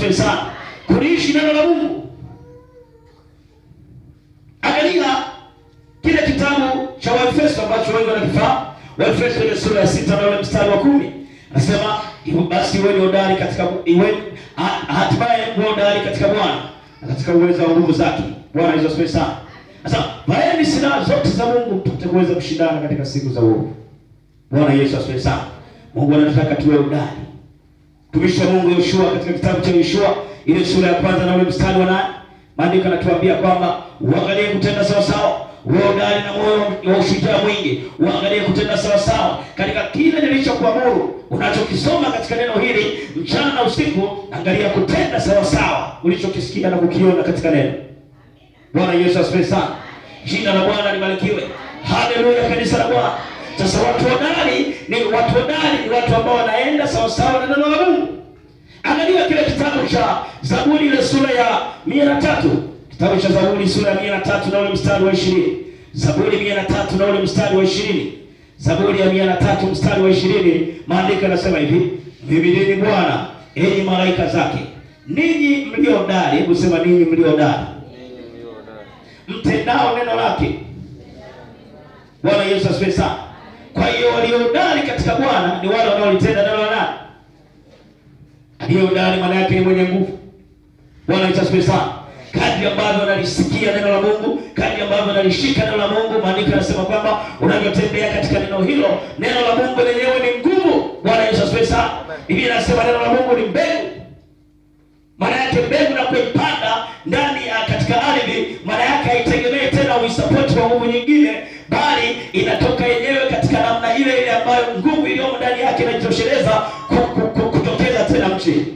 asifiwe sana. Kuliishi neno la Mungu. Angalia kile kitabu cha Waefeso ambacho wengi wanakifahamu. Waefeso ile sura ya sita na ule mstari wa kumi basi, iweni hodari katika iweni, hatimaye mwe hodari katika Bwana na katika wa nguvu zake. Bwana Yesu asifiwe sana. Sasa vaeni silaha zote za Mungu mpate kuweza kushindana katika siku za uovu. Bwana Yesu asifiwe sana. Mungu anataka tuwe hodari Mtumishi wa Mungu Yoshua katika kitabu cha Yoshua ile sura ya kwanza na ule mstari wa nane maandiko anatuambia kwamba uangalie kutenda sawa sawa, wewe ndani na moyo wa ushujaa mwingi, uangalie kutenda sawa sawa katika kile nilichokuamuru. Unachokisoma katika neno hili mchana na usiku, angalia kutenda sawa sawa ulichokisikia na kukiona katika neno. Bwana Yesu asifiwe sana, jina la Bwana libarikiwe. Haleluya, kanisa la Bwana. Sasa watu hodari ni watu hodari, ni watu ambao hayaenda sawasawa na neno la Mungu. Angalia kile kitabu cha Zaburi ile sura ya mia na tatu kitabu cha Zaburi sura ya mia na tatu na ule mstari wa ishirini Zaburi mia na tatu na ule mstari wa ishirini Zaburi ya mia na tatu mstari wa ishirini maandiko yanasema hivi, Mhimidini Bwana enyi malaika zake, ninyi mlio hodari. Hebu sema ninyi mlio hodari, mtendao neno lake. Bwana Yesu asifiwe sana. Kwa hiyo waliohodari katika Bwana ni wale wanaolitenda neno la nani? Aliyehodari maana yake ni mwenye nguvu. Bwana asifiwe sana. Kadri ambavyo analisikia neno la Mungu, kadri ambavyo analishika neno la Mungu, maandiko yanasema kwamba unavyotembea katika neno hilo, neno la Mungu lenyewe ni nguvu. Bwana Yesu asifiwe sana. Biblia inasema neno la Mungu ni mbegu. Maana yake mbegu na kuipanda ndani ya katika ardhi, maana yake haitegemei tena uisapoti wa nguvu nyingine, bali inatoka yenyewe ile ile ambayo nguvu iliyomo ndani yake inajitosheleza kutokeza tena nchi.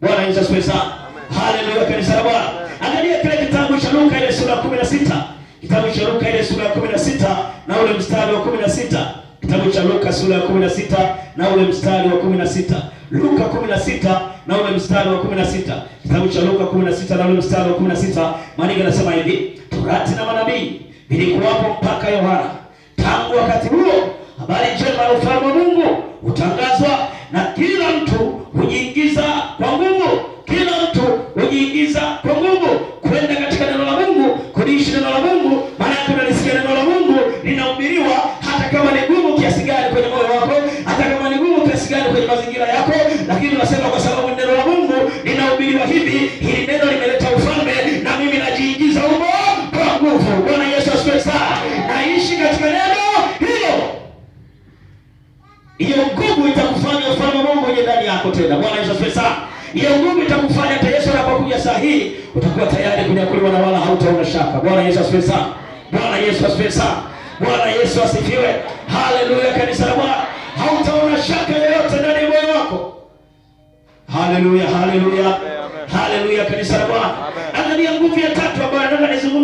Bwana Yesu asifiwe sana. Haleluya, kanisa la Bwana. Angalia kile kitabu cha Luka ile sura ya 16. Kitabu cha Luka ile sura ya 16 na ule mstari wa 16. Kitabu cha Luka sura ya 16 na ule mstari wa 16. Luka 16 na ule mstari wa 16. Kitabu cha Luka 16 na ule mstari wa 16. Maandiko yanasema hivi, Torati na manabii vilikuwapo mpaka Yohana sababu wakati huo habari njema ya ufalme wa Mungu hutangazwa na kila mtu hujiingiza kwa nguvu, kila mtu hujiingiza kwa nguvu kwenda katika neno la Mungu, kuliishi neno la Mungu. Maana yake unalisikia neno la Mungu linahubiriwa, hata kama ni gumu kiasi gani kwenye moyo wako, hata kama ni gumu kiasi gani kwenye mazingira yako, lakini Hiyo nguvu itakufanya ufanye Mungu aliye ndani yako tena. Bwana Yesu asifiwe sana. Hiyo nguvu itakufanya hata Yesu anapokuja saa hii utakuwa tayari kunyakuliwa na wala hautaona shaka. Bwana Yesu asifiwe sana. Bwana Yesu asifiwe sana. Bwana Yesu asifiwe. Haleluya kanisa la Bwana. Hautaona shaka yoyote ndani ya moyo wako. Haleluya, haleluya. Haleluya kanisa la Bwana. Angalia nguvu ya tatu ambayo nataka nizungumzie.